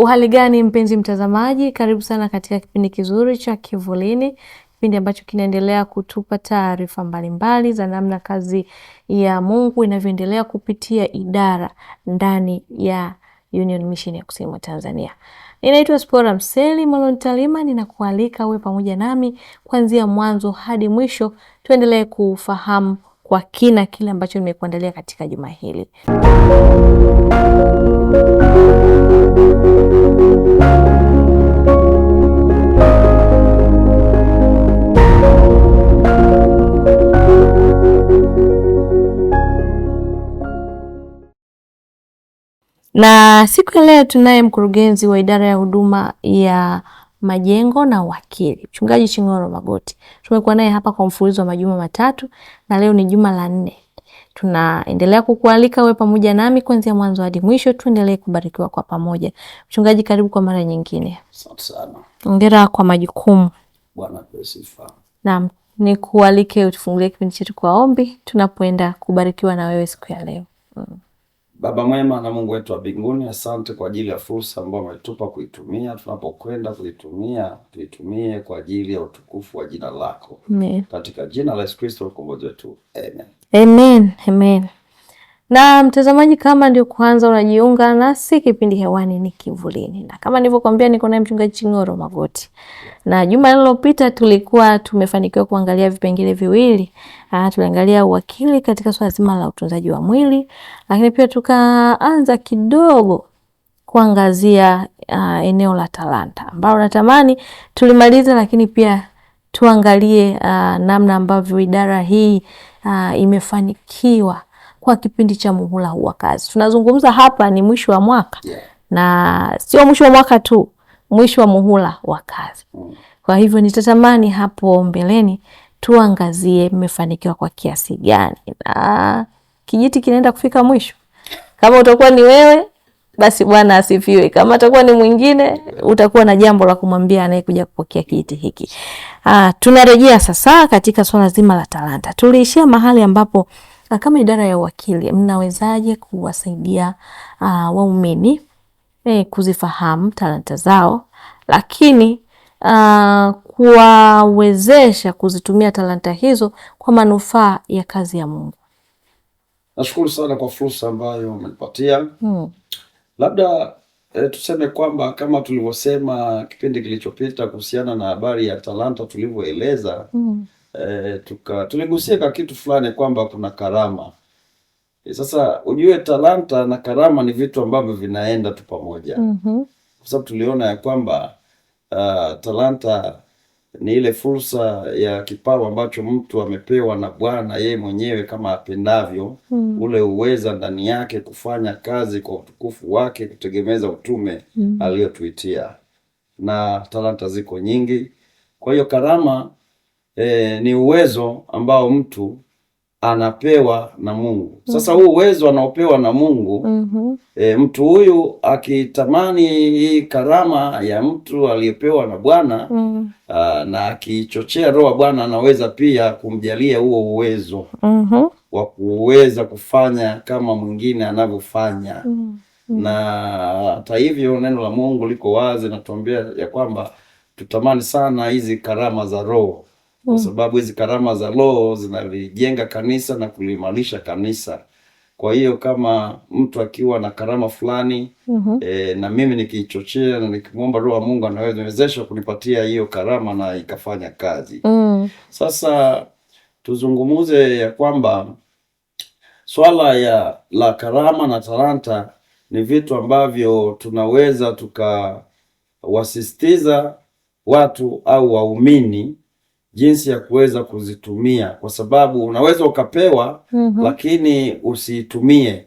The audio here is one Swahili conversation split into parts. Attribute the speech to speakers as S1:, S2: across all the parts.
S1: Uhali gani mpenzi mtazamaji, karibu sana katika kipindi kizuri cha Kivulini, kipindi ambacho kinaendelea kutupa taarifa mbalimbali za namna kazi ya Mungu inavyoendelea kupitia idara ndani ya Union Mission ya Kusini mwa Tanzania. Ninaitwa Spora Mseli Molon Talima, ninakualika uwe pamoja nami kuanzia mwanzo hadi mwisho, tuendelee kufahamu kwa kina kile ambacho nimekuandalia katika juma hili na siku ya leo tunaye mkurugenzi wa idara ya huduma ya majengo na wakili, Mchungaji ching'oro Magoti. Tumekuwa naye hapa kwa mfululizo wa majuma matatu na leo ni juma la nne. Tunaendelea kukualika we pamoja nami kuanzia mwanzo hadi mwisho, tuendelee kubarikiwa kwa pamoja. Mchungaji, karibu kwa mara nyingine.
S2: Asante sana.
S1: Hongera kwa majukumu.
S2: Bwana asifiwe.
S1: Naam, nikualike utufungulie kipindi chetu kwa ombi tunapoenda kubarikiwa na wewe siku ya leo. Mm.
S2: Baba mwema na Mungu wetu wa mbinguni, asante kwa ajili ya fursa ambayo umetupa kuitumia. Tunapokwenda kuitumia, tuitumie kwa ajili ya utukufu wa jina lako. Amen. Katika jina la Yesu Kristo mkombozi wetu. Amen.
S1: Amen, amen. Na mtazamaji, kama ndio kwanza unajiunga nasi, kipindi hewani ni Kivulini, na kama nilivyokuambia, niko naye Mchungaji Ching'oro Magoti, na juma lililopita tulikuwa tumefanikiwa kuangalia vipengele viwili. Ah, tuliangalia uwakili katika swala zima la utunzaji wa mwili, lakini pia tukaanza kidogo kuangazia uh, eneo la talanta ambalo natamani tulimalize, lakini pia tuangalie uh, namna ambavyo idara hii uh, imefanikiwa kwa kipindi cha muhula huu wa kazi. Tunazungumza hapa ni mwisho wa mwaka yeah. na sio mwisho wa mwaka tu, mwisho wa muhula wa kazi. Mm. Kwa hivyo nitatamani hapo mbeleni tuangazie mmefanikiwa kwa kiasi gani, na kijiti kinaenda kufika mwisho. Kama utakuwa ni wewe basi Bwana asifiwe. Kama atakuwa ni mwingine, utakuwa na jambo la kumwambia anayekuja kupokea kiti hiki. Ah, tunarejea sasa katika swala zima la talanta. Tuliishia mahali ambapo ah, kama idara ya uwakili mnawezaje kuwasaidia uh, waumini eh, kuzifahamu talanta zao, lakini uh, kuwawezesha kuzitumia talanta hizo kwa manufaa ya kazi ya Mungu.
S2: Nashukuru sana kwa fursa ambayo umenipatia. Hmm. Labda e, tuseme kwamba kama tulivyosema kipindi kilichopita kuhusiana na habari ya talanta tulivyoeleza, mm. e, eh, tuligusia tuligusia kitu fulani kwamba kuna karama e, sasa ujue talanta na karama ni vitu ambavyo vinaenda tu pamoja mm -hmm. kwa sababu tuliona ya kwamba uh, talanta ni ile fursa ya kipawa ambacho mtu amepewa na Bwana yeye mwenyewe kama apendavyo, mm. ule uweza ndani yake kufanya kazi kwa utukufu wake, kutegemeza utume mm. aliyotuitia, na talanta ziko nyingi. Kwa hiyo karama eh, ni uwezo ambao mtu anapewa na Mungu. Mm-hmm. Sasa huu uwezo anaopewa na Mungu mm -hmm. E, mtu huyu akitamani hii karama ya mtu aliyepewa na Bwana mm -hmm. na akichochea roho Bwana anaweza pia kumjalia huo uwezo mm -hmm. wa kuweza kufanya kama mwingine anavyofanya mm -hmm. na hata hivyo neno la Mungu liko wazi, natuambia ya kwamba tutamani sana hizi karama za roho kwa mm. sababu hizi karama za Roho zinalijenga kanisa na kulimalisha kanisa. Kwa hiyo kama mtu akiwa na karama fulani mm -hmm. E, na mimi nikiichochea na nikimwomba Roho wa Mungu anawezesha kunipatia hiyo karama na ikafanya kazi mm. Sasa tuzungumuze ya kwamba swala ya la karama na talanta ni vitu ambavyo tunaweza tukawasisitiza watu au waumini jinsi ya kuweza kuzitumia, kwa sababu unaweza ukapewa mm -hmm. lakini usiitumie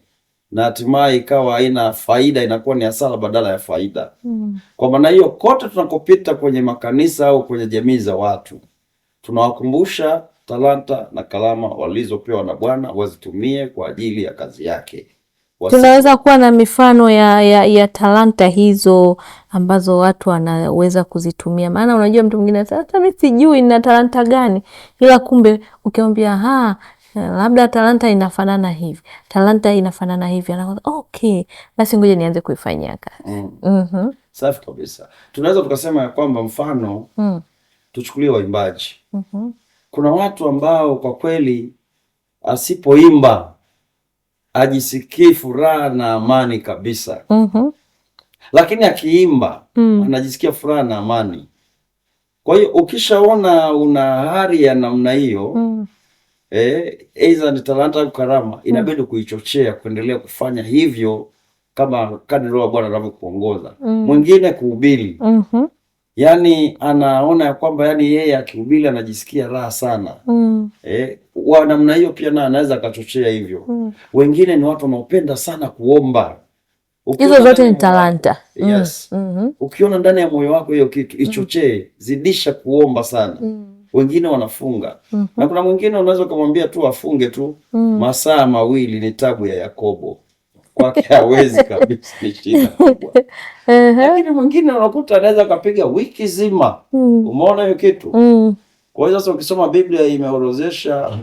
S2: na hatimaye ikawa haina faida, inakuwa ni hasara badala ya faida mm. Kwa maana hiyo, kote tunakopita kwenye makanisa au kwenye jamii za watu, tunawakumbusha talanta na kalama walizopewa na Bwana wazitumie kwa ajili ya kazi yake
S1: tunaweza kuwa na mifano ya, ya, ya talanta hizo ambazo watu wanaweza kuzitumia. Maana unajua mtu mwingine hata mi sijui na talanta gani, ila kumbe ukiambia ha labda talanta inafanana hivi, talanta inafanana hivi, anakwambia okay, basi ngoja nianze kuifanyia kazi
S2: mm. mm -hmm. Safi kabisa, tunaweza tukasema ya kwamba mfano mm. tuchukulie waimbaji mm -hmm. kuna watu ambao kwa kweli asipoimba ajisikii furaha na amani kabisa. mm -hmm. Lakini akiimba mm. anajisikia furaha na amani. Kwa hiyo ukishaona una hali ya namna hiyo mm. eh, ni talanta au karama, mm. inabidi mm. kuichochea kuendelea kufanya hivyo kama kadri Roho Bwana anavyokuongoza. mm. Mwingine kuhubiri mm -hmm yani anaona ya kwamba yani yeye akihubiri anajisikia raha sana mm. E, wa namna hiyo pia na anaweza akachochea hivyo mm. Wengine ni watu wanaopenda sana kuomba.
S1: Hizo zote ni talanta
S2: mm. yes. mm -hmm. Ukiona ndani ya moyo wako hiyo kitu mm. ichochee, mm. zidisha kuomba sana mm. Wengine wanafunga mm -hmm. na kuna mwingine unaweza ukamwambia tu afunge tu mm. masaa mawili, ni tabu ya Yakobo kwake hawezi kabisa, ni shida kubwa. Lakini mwingine unakuta anaweza kapiga wiki zima. Mm. Umeona hiyo kitu? Mm. Kwa hiyo sasa ukisoma Biblia imeorozesha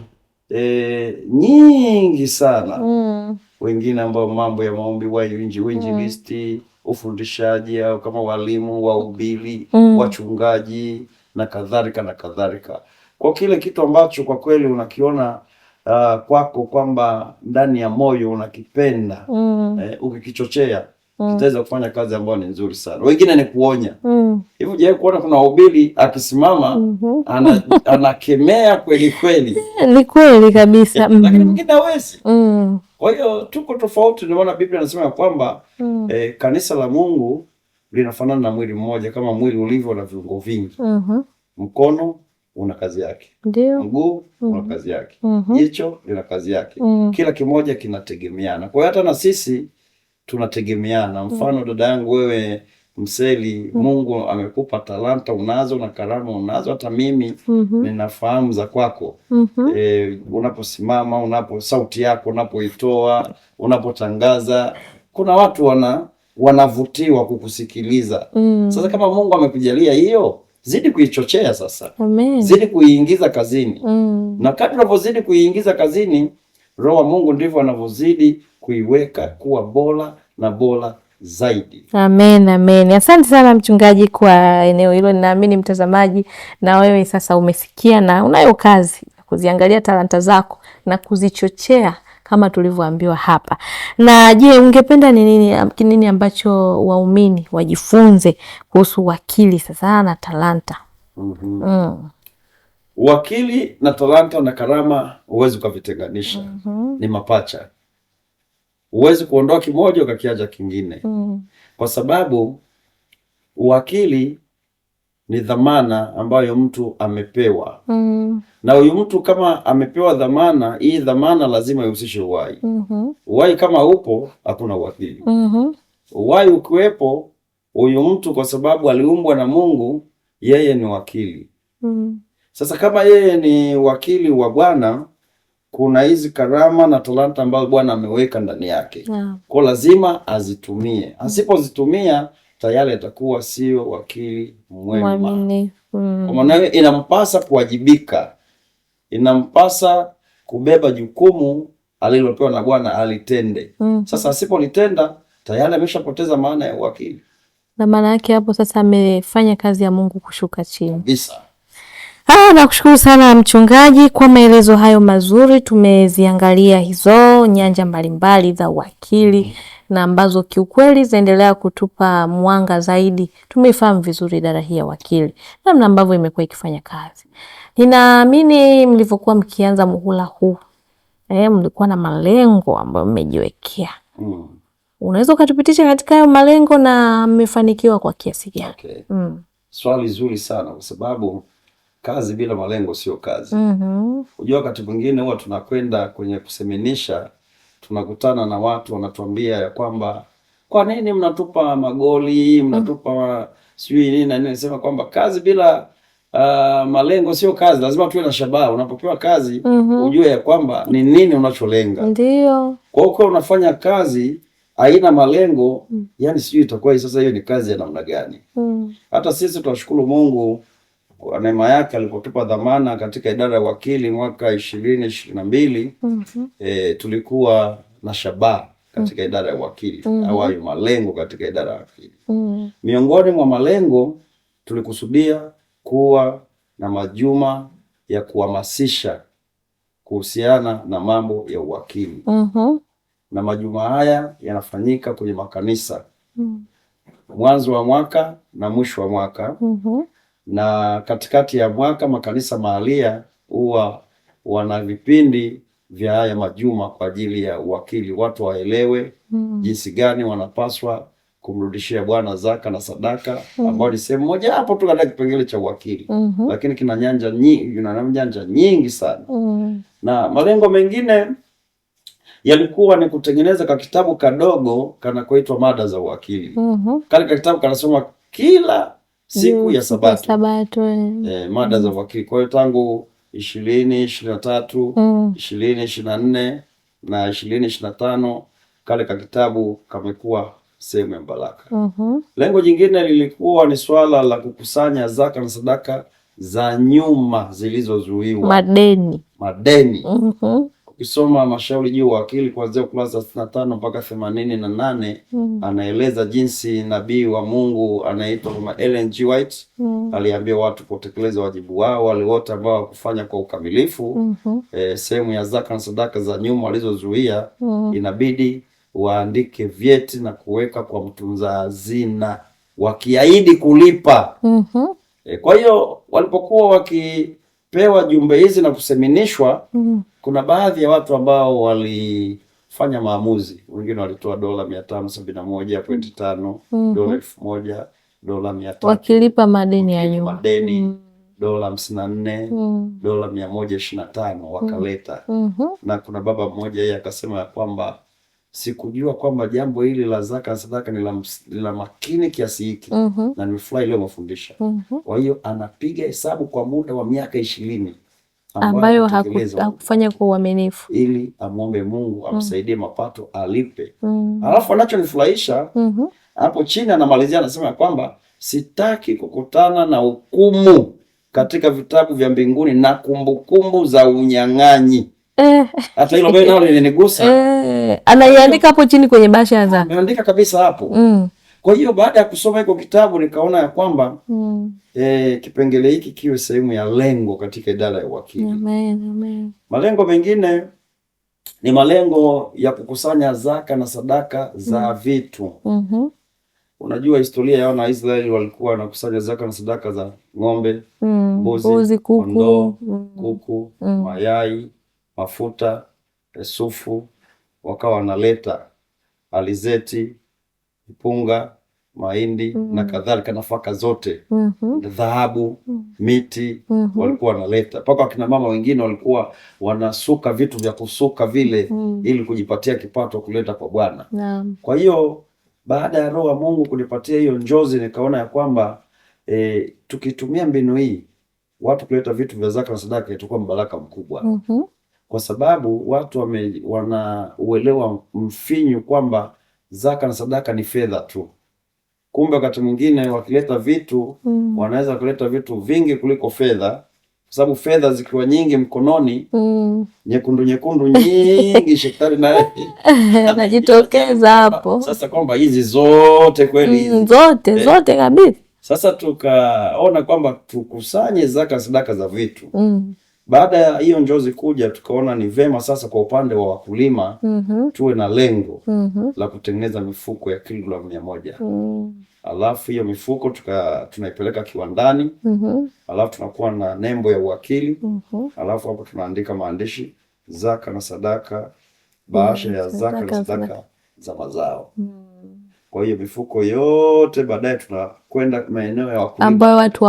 S2: e, nyingi sana mm. wengine ambao mambo ya maombi wainji winji listi ufundishaji au kama walimu waubili mm. wachungaji na kadhalika na kadhalika, kwa kile kitu ambacho kwa kweli unakiona uh, kwako kwamba ndani ya moyo unakipenda mm. eh, ukikichochea mm. kitaweza kufanya kazi ambayo ni nzuri sana. Wengine ni kuonya mm. hivi. Je, kuona kuna wahubiri akisimama mm -hmm. ana, anakemea kweli kweli, eh, ni kweli kabisa mm -hmm. lakini mm-hmm. mwingine hawezi mm. kwa hiyo tuko tofauti, ndio maana Biblia anasema ya kwamba mm. eh, kanisa la Mungu linafanana na mwili mmoja kama mwili ulivyo na viungo vingi mm -hmm. mkono una kazi yake, mguu una mm-hmm. kazi yake, mm-hmm. jicho lina kazi yake. Mm. Kila kimoja kinategemeana. Kwa hiyo hata na sisi tunategemeana. Mm. Mfano dada yangu wewe mseli mm. Mungu amekupa talanta unazo na karama unazo, hata mimi mm -hmm. ninafahamu za kwako mm -hmm. E, unaposimama unapo sauti yako unapoitoa unapotangaza, kuna watu wana wanavutiwa kukusikiliza mm. Sasa kama Mungu amekujalia hiyo zidi kuichochea sasa. Amen. Zidi kuiingiza kazini mm. na kadri unavyozidi kuiingiza kazini, Roho wa Mungu ndivyo anavyozidi kuiweka kuwa bora na bora zaidi. Amen, amen. Asante sana mchungaji kwa eneo hilo. Ninaamini mtazamaji, na wewe sasa umesikia na unayo kazi kuziangalia talanta zako na kuzichochea kama tulivyoambiwa hapa. Na je, ungependa ni nini, nini ambacho waumini wajifunze kuhusu wakili sasa na talanta? mm -hmm. mm. Wakili na talanta na karama huwezi ukavitenganisha. mm -hmm. Ni mapacha, huwezi kuondoa kimoja ukakiacha kingine. mm -hmm. Kwa sababu wakili ni dhamana ambayo mtu amepewa mm. na huyu mtu kama amepewa dhamana hii, dhamana lazima ihusishe uhai mm -hmm. uhai kama upo hakuna uwakili mm -hmm. uhai ukiwepo, huyu mtu kwa sababu aliumbwa na Mungu, yeye ni wakili mm. Sasa kama yeye ni wakili wa Bwana, kuna hizi karama na talanta ambazo Bwana ameweka ndani yake yeah. kwa lazima azitumie, asipozitumia tayari atakuwa sio wakili mwema. Hmm. Kwa maana hiyo inampasa kuwajibika, inampasa kubeba jukumu alilopewa na Bwana alitende. Mm. Sasa asipolitenda tayari ameshapoteza maana ya uwakili, na maana yake hapo sasa amefanya kazi ya Mungu kushuka chini kabisa. Ah, nakushukuru sana mchungaji kwa maelezo hayo mazuri. Tumeziangalia hizo nyanja mbalimbali za uwakili na ambazo kiukweli zaendelea kutupa mwanga zaidi. Tumefahamu vizuri idara hii ya wakili, namna ambavyo imekuwa ikifanya kazi. Ninaamini mlivyokuwa mkianza muhula huu eh, mlikuwa na malengo ambayo mmejiwekea. Mm. Unaweza ukatupitisha katika hayo malengo na mmefanikiwa kwa kiasi gani? Okay. Mm. Swali zuri sana kwa sababu kazi bila malengo sio kazi. mm -hmm. Unajua, wakati mwingine huwa tunakwenda kwenye kuseminisha, tunakutana na watu wanatuambia ya kwamba kwa nini mnatupa magoli mnatupa mm -hmm. sijui nini na nini, nasema kwamba kazi bila Uh, malengo sio kazi, lazima tuwe na shabaha. Unapopewa kazi mm -hmm. ujue ya kwamba ni nini unacholenga. Ndio kwa hiyo unafanya kazi aina malengo mm. yani sijui itakuwa sasa hiyo ni kazi ya namna gani? mm. hata sisi tunashukuru Mungu kwa neema yake alipotupa dhamana katika idara ya wakili mwaka ishirini ishirini na mbili mm -hmm. E, tulikuwa na shabaha katika mm -hmm. idara ya wakili mm -hmm. au malengo katika idara ya wakili mm -hmm. miongoni mwa malengo tulikusudia kuwa na majuma ya kuhamasisha kuhusiana na mambo ya uwakili mm -hmm. na majuma haya yanafanyika kwenye makanisa mm -hmm. mwanzo wa mwaka na mwisho wa mwaka mm -hmm na katikati ya mwaka makanisa mahalia huwa wana vipindi vya haya majuma kwa ajili ya uwakili, watu waelewe mm. jinsi gani wanapaswa kumrudishia Bwana zaka na sadaka mm. ambayo ni sehemu moja hapo tu katika kipengele cha uwakili mm -hmm. Lakini kina nyanja nyingi, kina nyanja nyingi sana mm. na malengo mengine yalikuwa ni kutengeneza ka kitabu kadogo kanakoitwa mada za uwakili mm -hmm. Kale ka kitabu kanasoma kila siku ya Sabato, Sabato eh, eh mada za wakili. Kwa hiyo tangu ishirini ishirini na tatu mm. ishirini ishirini na nne na ishirini ishirini na tano kale ka kitabu kamekuwa sehemu ya baraka. mm -hmm. Lengo jingine lilikuwa ni swala la kukusanya zaka na sadaka za nyuma zilizozuiwa, madeni, madeni. mm -hmm ukisoma mashauri juu akili kuanzia ukurasa sitini na tano mpaka themanini na nane mm. anaeleza jinsi nabii wa Mungu anaitwa kama Ellen G. White mm. aliambia watu kutekeleza wajibu wao wale wote ambao wakufanya kwa ukamilifu mm -hmm. E, sehemu ya zaka na sadaka za nyuma walizozuia mm. inabidi waandike vyeti na kuweka kwa mtunza hazina wakiahidi kulipa mm -hmm. E, kwa hiyo walipokuwa wakipewa jumbe hizi na kuseminishwa mm -hmm kuna baadhi ya watu ambao walifanya maamuzi, wengine walitoa dola mia tano sabini na moja mm. pointi tano mhm. dola elfu moja dola mia tatu wakilipa madeni ya nyuma madeni mm. dola hamsini na nne mm. dola mia moja ishirini na tano wakaleta mm -hmm. na kuna baba mmoja yeye akasema ya kwamba sikujua kwamba jambo hili la zaka sadaka ni la makini kiasi hiki mm -hmm. na nimefurahi leo -hmm. kwa hiyo anapiga hesabu kwa muda wa miaka ishirini ambayo hakufanya kwa uaminifu, ili amwombe Mungu mm. amsaidie mm. mapato alipe mm. alafu anachonifurahisha mm -hmm. hapo chini anamalizia anasema ya kwamba sitaki kukutana na hukumu katika vitabu vya mbinguni na kumbukumbu kumbu za unyang'anyi. Eh. Hata hilo nalo Eh, anaiandika hapo chini kwenye bashasha, ameandika kabisa hapo mm. Kwa hiyo baada ya kusoma hiko kitabu nikaona ya kwamba mm. e, kipengele hiki kiwe sehemu ya lengo katika idara ya uwakili. Amen, amen. Malengo mengine ni malengo ya kukusanya zaka na sadaka za mm. vitu mm -hmm. Unajua historia ya wana Israeli walikuwa wanakusanya zaka na sadaka za ng'ombe, mm. mbuzi, mm, kuku, kondoo, mm, kuku mm, mayai, mafuta, eh, sufu, wakawa wanaleta alizeti, mpunga mahindi mm -hmm. na mhm. kadhalika, nafaka zote mm -hmm. dhahabu mm -hmm. miti mm -hmm. walikuwa wanaleta mpaka wakina mama wengine walikuwa wanasuka vitu vya kusuka vile mm -hmm. ili kujipatia kipato kuleta kwa Bwana kwa hiyo baada ya Roho wa Mungu kunipatia hiyo njozi, nikaona ya kwamba e, tukitumia mbinu hii watu kuleta vitu vya zaka na sadaka itakuwa mbaraka mkubwa mm -hmm. kwa sababu watu wame, wanauelewa mfinyu kwamba zaka na sadaka ni fedha tu Kumbe wakati mwingine wakileta vitu mm. wanaweza kuleta vitu vingi kuliko fedha, kwa sababu fedha zikiwa nyingi mkononi mm. nyekundu nyekundu nyingi shetani naye anajitokeza hapo sasa, kwamba hizi zote kweli mm, zote eh, zote kabisa. Sasa tukaona kwamba tukusanye zaka, sadaka za vitu mm. Baada ya hiyo njozi kuja, tukaona ni vema sasa kwa upande wa wakulima mm -hmm. tuwe na lengo mm -hmm. la kutengeneza mifuko ya kilogramu mia moja mm -hmm. alafu hiyo mifuko tuka, tunaipeleka kiwandani mm -hmm. alafu tunakuwa na nembo ya uwakili mm -hmm. alafu hapo tunaandika maandishi zaka na sadaka, bahasha ya mhm. zaka na sadaka za mazao mm -hmm. Kwa hiyo mifuko yote baadaye tunakwenda maeneo ya wakulima ambayo watu eh,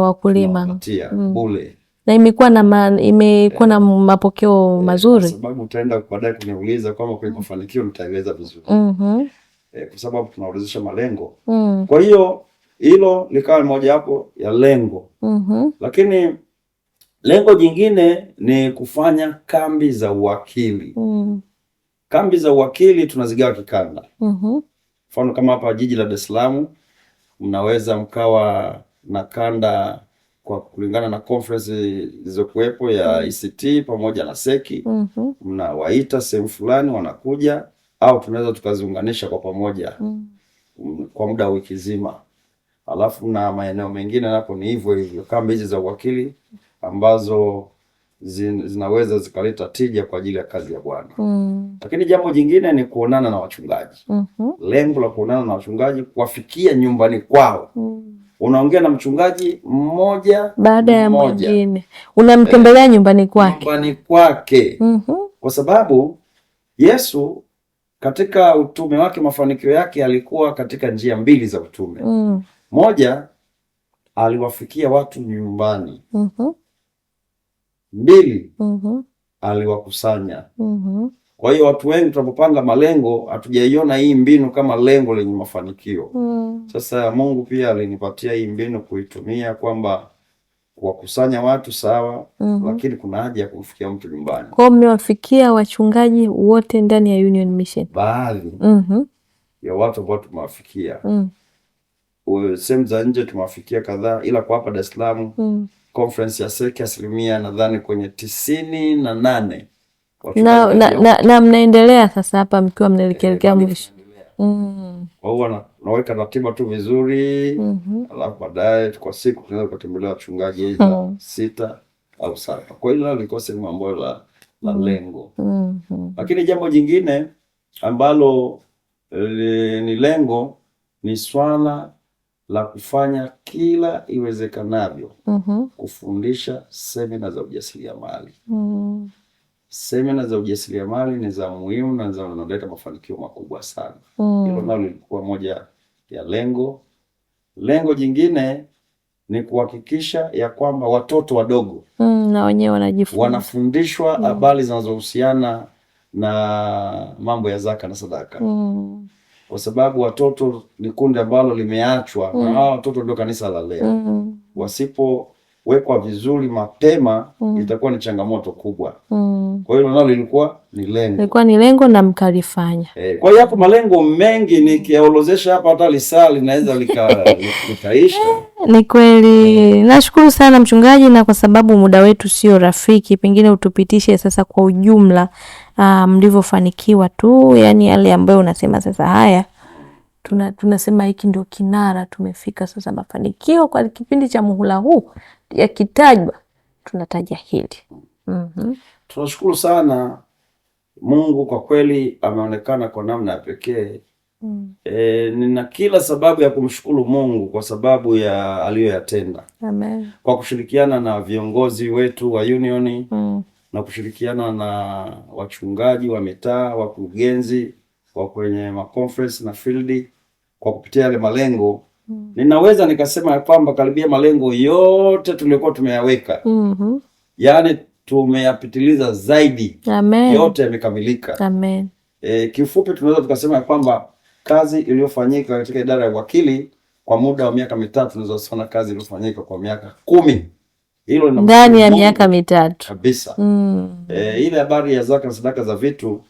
S2: wakulima wakulima. Mm. bule na imekuwa na ma, imekuwa na mapokeo eh, mazuri, kwa sababu utaenda baadaye kuniuliza kama kwa mafanikio nitaeleza vizuri mm -hmm. kwa sababu tunaorodhesha malengo mm. Kwa hiyo hilo likawa moja hapo ya lengo mm -hmm. Lakini lengo jingine ni kufanya kambi za uwakili mm. Kambi za uwakili tunazigawa kikanda mm -hmm. Mfano kama hapa jiji la Dar es Salaam mnaweza mkawa na kanda kwa kulingana na conference zilizokuwepo ya mm. ICT pamoja na seki mm -hmm. mnawaita sehemu fulani wanakuja, au tunaweza tukaziunganisha kwa pamoja mm. kwa muda wa wiki nzima, alafu na maeneo mengine napo ni hivyo hivyo, kambi hizi za uwakili ambazo zin, zinaweza zikaleta tija kwa ajili ya kazi ya Bwana mm. Lakini jambo jingine ni kuonana na wachungaji mm -hmm. lengo la kuonana na wachungaji, kuwafikia nyumbani kwao mm unaongea na mchungaji mmoja baada ya mwingine, unamtembelea eh, nyumbani kwake, nyumbani kwake mm -hmm. Kwa sababu Yesu katika utume wake, mafanikio yake alikuwa katika njia mbili za utume mm. Moja, aliwafikia watu nyumbani mm -hmm. Mbili, mm -hmm. aliwakusanya mm -hmm. Kwa hiyo watu wengi tunapopanga malengo hatujaiona hii mbinu kama lengo lenye mafanikio mm. Sasa Mungu pia alinipatia hii mbinu kuitumia kwamba kuwakusanya watu sawa, mm -hmm. Lakini kuna haja ya kumfikia mtu nyumbani. Kwa hiyo mmewafikia wachungaji wote ndani ya Union Mission, baadhi mm -hmm. ya watu ambao tumewafikia mm. Sehemu za nje tumewafikia kadhaa, ila kwa hapa Dar es Salaam mm. conference ya Seki asilimia nadhani kwenye tisini na nane na, na, na, na mnaendelea sasa hapa mkiwa mnaelekelekea mwisho mm. naweka ratiba tu vizuri mm -hmm. Alafu baadaye kwa siku tunaweza kutembelea wachungaji mm -hmm. sita au saba. Kwa hiyo lilikuwa sehemu ambayo la, la mhm. lengo mm -hmm. Lakini jambo jingine ambalo li, ni lengo ni swala la kufanya kila iwezekanavyo mm -hmm. kufundisha semina za ujasiriamali mm -hmm. Semina za ujasiriamali ni za muhimu na zinaleta mafanikio makubwa sana. Mm. Hilo mm. nalo lilikuwa moja ya lengo. Lengo jingine ni kuhakikisha ya kwamba watoto wadogo mm, na wenyewe wanajifunza, wanafundishwa mm. habari mm. zinazohusiana na mambo ya zaka na sadaka mm. kwa sababu watoto ni kundi ambalo limeachwa mm. na hao watoto ndio kanisa la leo mm. wasipo kuwekwa vizuri mapema mm. itakuwa ni changamoto kubwa mm. kwa hiyo nalo lilikuwa ni lengo, ilikuwa ni lengo na mkalifanya eh. Kwa hiyo hapo malengo mengi nikiaorozesha hapa hata lisaa linaweza likaisha. Eh, ni kweli mm. Nashukuru sana mchungaji, na kwa sababu muda wetu sio rafiki, pengine utupitishe sasa kwa ujumla ah, mlivyofanikiwa tu, yani yale ambayo unasema sasa haya tuna tunasema hiki ndio kinara, tumefika sasa mafanikio kwa kipindi cha muhula huu yakitajwa tunataja hili. mm -hmm. Tunashukuru sana Mungu kwa kweli ameonekana kwa namna ya pekee. mm. E, nina kila sababu ya kumshukuru Mungu kwa sababu ya aliyoyatenda. Amen. Kwa kushirikiana na viongozi wetu wa unioni mm. na kushirikiana na wachungaji wa mitaa, wakurugenzi wa kwenye maconference na field kwa kupitia yale malengo Mm-hmm. Ninaweza nikasema ya kwamba karibia malengo yote tuliokuwa tumeyaweka mm -hmm. yaani tumeyapitiliza zaidi. Amen. Yote yamekamilika. E, kiufupi tunaweza tukasema ya kwamba kazi iliyofanyika katika idara ya uwakili kwa muda wa miaka mitatu tunaweza kazi iliyofanyika kwa miaka kumi hilo ndani ya miaka mitatu kabisa. mm. E, ile habari ya zaka na sadaka za vitu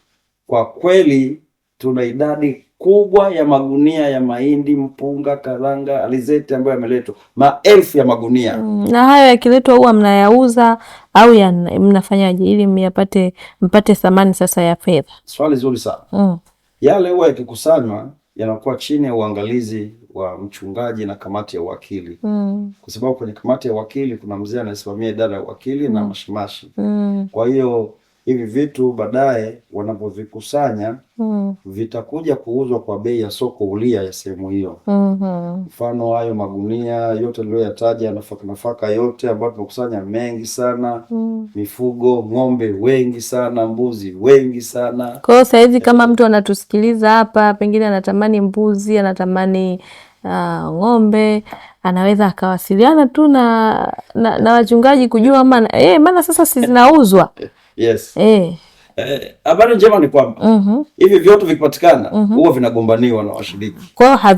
S2: kwa kweli tuna idadi kubwa ya magunia ya mahindi, mpunga, karanga, alizeti ambayo yameletwa, maelfu ya magunia. Mm, na hayo yakiletwa huwa mnayauza au ya, mnafanyaje ili myapate mpate thamani sasa ya fedha? Swali zuri sana. Mm. Yale huwa yakikusanywa yanakuwa chini ya uangalizi wa mchungaji na kamati ya uwakili mm. kwa sababu kwenye kamati ya uwakili kuna mzee anayesimamia idara ya uwakili mm. na mashimashi mm. kwa hiyo hivi vitu baadaye wanapovikusanya mm. vitakuja kuuzwa kwa bei ya soko ulia ya sehemu hiyo. Mm-hmm. Mfano mm -hmm. hayo magunia yote niliyoyataja, nafaka nafaka yote ambayo tumekusanya mengi sana mm. mifugo, ng'ombe wengi sana, mbuzi wengi sana. Kwa hiyo sahizi kama mtu anatusikiliza hapa, pengine anatamani mbuzi, anatamani Uh, ng'ombe anaweza akawasiliana tu na, na, na wachungaji kujua maana eh, maana sasa si zinauzwa Yes. Eh. eh habari eh, njema ni kwamba mm hivi vyote vikipatikana mm huwa -hmm. vinagombaniwa na washiriki, kwa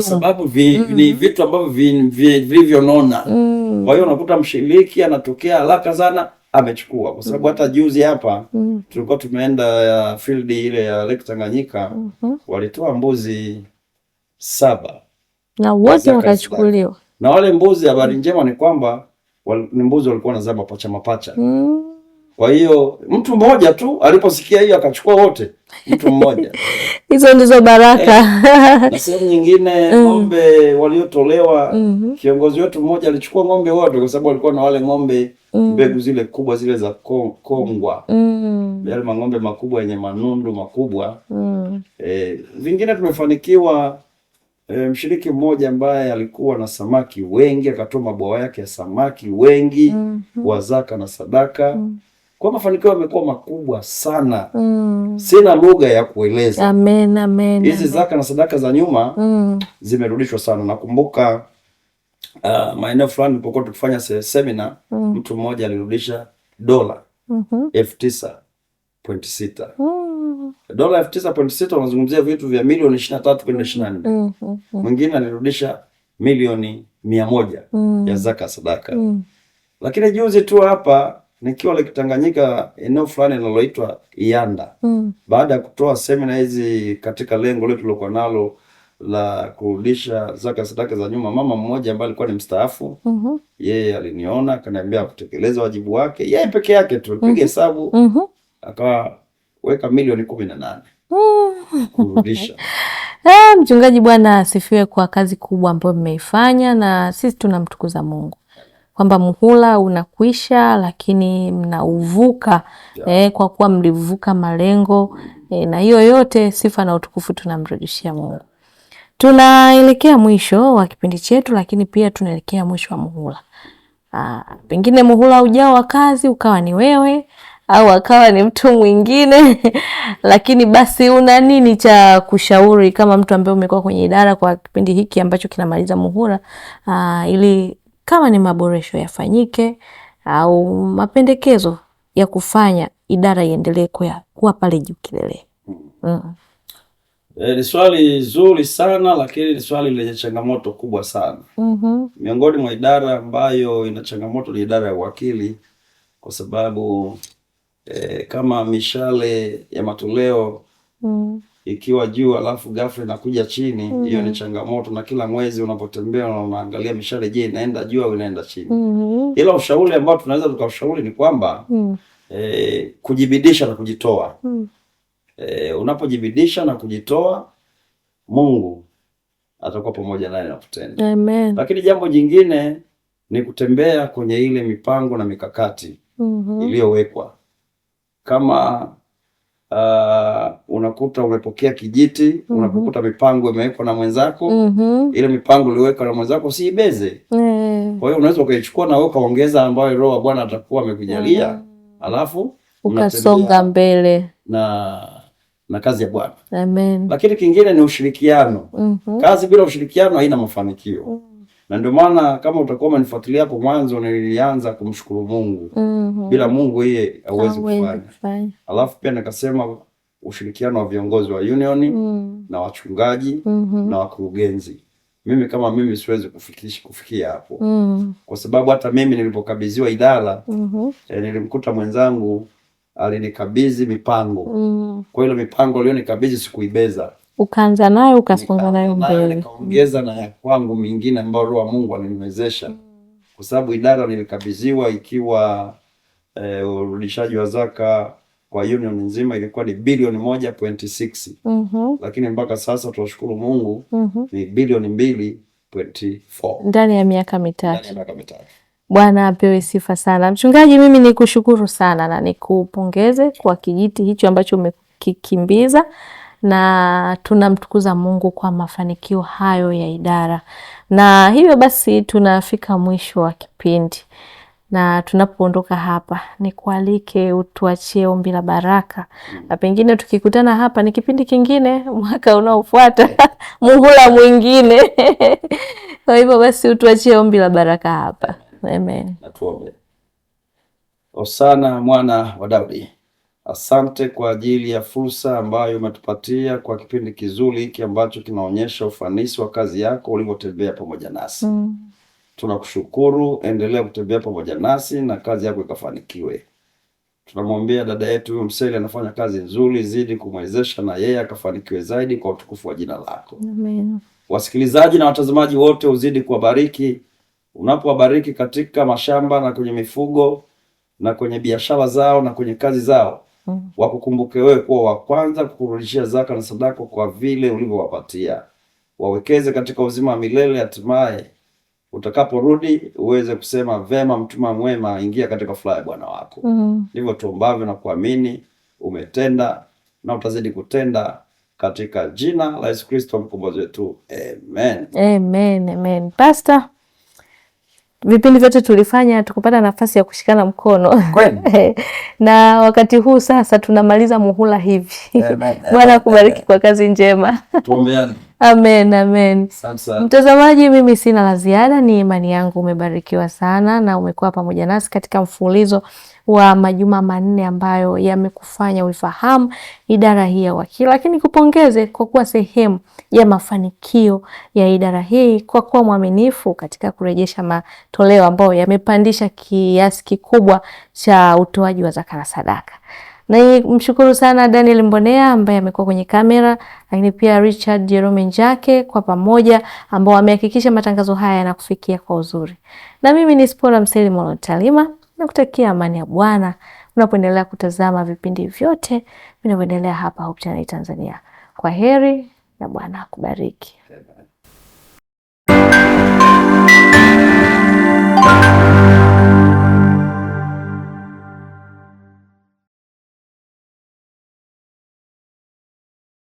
S2: sababu vi, mm -hmm. ni vitu ambavyo vilivyonona vi, vi, mm. kwa hiyo unakuta mshiriki anatokea haraka sana amechukua, kwa sababu mm. hata juzi hapa mm -hmm. tulikuwa tumeenda field ile ya Lake Tanganyika mm -hmm. walitoa mbuzi saba na wote wakachukuliwa, na wale mbuzi habari njema ni kwamba ni mbuzi walikuwa wanazaa mapacha mapacha mm. Kwa hiyo mtu mmoja tu aliposikia hiyo akachukua wote, mtu mmoja hizo ndizo baraka eh. Na sehemu nyingine mm. ng'ombe mm. waliotolewa mm -hmm. Kiongozi wetu mmoja alichukua ng'ombe wote, kwa sababu alikuwa na wale ng'ombe mm. mbegu mm. zile kubwa zile za kongwa mm. yale mang'ombe makubwa yenye manundu makubwa mm. eh, vingine tumefanikiwa E, mshiriki mmoja ambaye alikuwa na samaki wengi akatoa mabwawa yake ya samaki wengi mm -hmm. wazaka na sadaka mm kwa mafanikio yamekuwa makubwa sana mm. Sina lugha ya kueleza. Amen, amen. Hizi amen. zaka na sadaka za nyuma mm. zimerudishwa sana. Nakumbuka uh, maeneo fulani nilipokuwa tukifanya semina mm. mtu mmoja alirudisha dola mm -hmm. elfu tisa pointi sita mm. dola elfu tisa pointi sita unazungumzia vitu vya milioni ishirini na tatu kwenda ishirini na nne mm-hmm. mwingine alirudisha milioni mia moja mm. ya zaka sadaka mm. Lakini juzi tu hapa nikiwa Lake eneo fulani linaloitwa ianda mm. baada ya kutoa semina hizi katika lengo letu lilokuwa nalo la kurudisha zaka sadaka za nyuma, mama mmoja ambaye alikuwa ni mstaafu mm -hmm. yeye aliniona akaniambia akutekeleza wajibu wake yeye peke yake tu, piga mm-hmm. hesabu mm -hmm. akaweka milioni kumi na nane mm-hmm. kurudisha eh, Mchungaji, Bwana asifiwe kwa kazi kubwa ambayo mmeifanya, na sisi tunamtukuza Mungu kwamba muhula unakuisha, lakini mnauvuka yeah. Eh, kwa kuwa mlivuka malengo eh, na hiyo yote sifa na utukufu tunamrudishia Mungu. Tunaelekea mwisho wa kipindi chetu, lakini pia tunaelekea mwisho wa muhula. Aa, ah, pengine muhula ujao wa kazi ukawa ni wewe au akawa ni mtu mwingine lakini basi una nini cha kushauri kama mtu ambaye umekuwa kwenye idara kwa kipindi hiki ambacho kinamaliza muhula, ah, ili kama ni maboresho yafanyike au mapendekezo ya kufanya idara iendelee kuwa pale juu kilele. Mm. E, ni swali zuri sana lakini ni swali lenye changamoto kubwa sana. Mm -hmm. Miongoni mwa idara ambayo ina changamoto ni idara ya uwakili kwa sababu e, kama mishale ya matoleo mm ikiwa juu alafu ghafla inakuja chini mm-hmm. hiyo mm. ni changamoto, na kila mwezi unapotembea na unaangalia mishale, je, inaenda juu au inaenda chini? mm -hmm. Ila ushauri ambao tunaweza tukaushauri ni kwamba mm. eh, kujibidisha na kujitoa mm. eh, unapojibidisha na kujitoa Mungu atakuwa pamoja naye na kutenda. Amen. Lakini jambo jingine ni kutembea kwenye ile mipango na mikakati mm -hmm. iliyowekwa kama uh, unakuta umepokea kijiti mm -hmm. unakuta mipango imewekwa na mwenzako mm -hmm. Ile mipango uliyoweka na mwenzako ibeze mm -hmm. Kwa hiyo unaweza ukaichukua na wewe ukaongeza ambayo Roho wa Bwana atakuwa amekujalia mm -hmm. Alafu ukasonga mbele na na kazi ya Bwana. Amen. Lakini kingine ni ushirikiano mm -hmm. Kazi bila ushirikiano haina mafanikio mm -hmm na ndio maana kama utakuwa umenifuatilia hapo mwanzo, nilianza kumshukuru Mungu mm -hmm. Bila Mungu yeye hauwezi kufanya. Alafu pia nikasema ushirikiano wa viongozi wa union mm. na wachungaji mm -hmm. na wakurugenzi mimi kama mimi siwezi kufikishi kufikia hapo mm. kwa sababu hata mimi nilipokabidhiwa idara mm -hmm. eh, nilimkuta mwenzangu alinikabidhi mipango mm. kwa hiyo mipango alionikabidhi sikuibeza, ukaanza nayo ukasonga nayo mbele. Nikaongeza na ya kwangu mingine ambayo roho wa Mungu aliniwezesha mm. kwa sababu idara nilikabidhiwa ikiwa eh, urudishaji wa zaka kwa union nzima ilikuwa ni bilioni moja pointi mm -hmm. Lakini mpaka sasa tunashukuru Mungu mm -hmm. ni bilioni mbili pointi nne ndani ya miaka mitatu. Bwana apewe sifa sana. Mchungaji, mimi nikushukuru sana na nikupongeze kwa kijiti hicho ambacho umekikimbiza na tunamtukuza Mungu kwa mafanikio hayo ya idara. Na hivyo basi tunafika mwisho wa kipindi, na tunapoondoka hapa, nikualike utuachie ombi la baraka, na pengine tukikutana hapa ni kipindi kingine, mwaka unaofuata, muhula mwingine kwa hivyo basi utuachie ombi la baraka hapa. Amen. Osana mwana wa Daudi. Asante kwa ajili ya fursa ambayo umetupatia kwa kipindi kizuri hiki ambacho kinaonyesha ufanisi wa kazi yako ulivyotembea pamoja nasi mm. Tunakushukuru, endelea kutembea pamoja nasi na kazi yako ikafanikiwe. Tunamwombea dada yetu huyu Mseli anafanya kazi nzuri, zidi kumwezesha na yeye akafanikiwe zaidi kwa utukufu wa jina lako Amen. Wasikilizaji na watazamaji wote uzidi kuwabariki, unapowabariki katika mashamba na kwenye mifugo na kwenye biashara zao na kwenye kazi zao mm. wakukumbuke wewe kuwa wa kwanza kukurudishia zaka na sadaka kwa vile ulivyowapatia. Wawekeze katika uzima wa milele, hatimaye utakaporudi uweze kusema vema, mtuma mwema, ingia katika furaha ya Bwana wako. Mm. Ndivyo mm. tuombavyo na kuamini. Umetenda na utazidi kutenda katika jina la Yesu Kristo mkombozi wetu, amen. Amen, amen. Pastor vipindi vyote tulifanya tukupata nafasi ya kushikana mkono eh, na wakati huu sasa tunamaliza muhula hivi. Eh, Bwana eh, akubariki kwa kazi njema. Tuombeane. Amen, amen. Mtazamaji, mimi sina la ziada, ni imani yangu umebarikiwa sana na umekuwa pamoja nasi katika mfululizo wa majuma manne ambayo yamekufanya uifahamu idara hii ya wakili, lakini kupongeze kwa kuwa sehemu ya mafanikio ya idara hii kwa kuwa mwaminifu katika kurejesha matoleo ambayo yamepandisha kiasi kikubwa cha utoaji wa zakala sadaka. Na mshukuru sana Daniel Mbonea ambaye amekuwa kwenye kamera, lakini pia Richard Jerome Njake kwa pamoja ambao amehakikisha matangazo haya yanakufikia kwa uzuri. Na mimi ni Spora Mseli Molotalima, nakutakia amani ya Bwana unapoendelea kutazama vipindi vyote vinavyoendelea hapa Hope Channel Tanzania. Kwa heri na Bwana akubariki.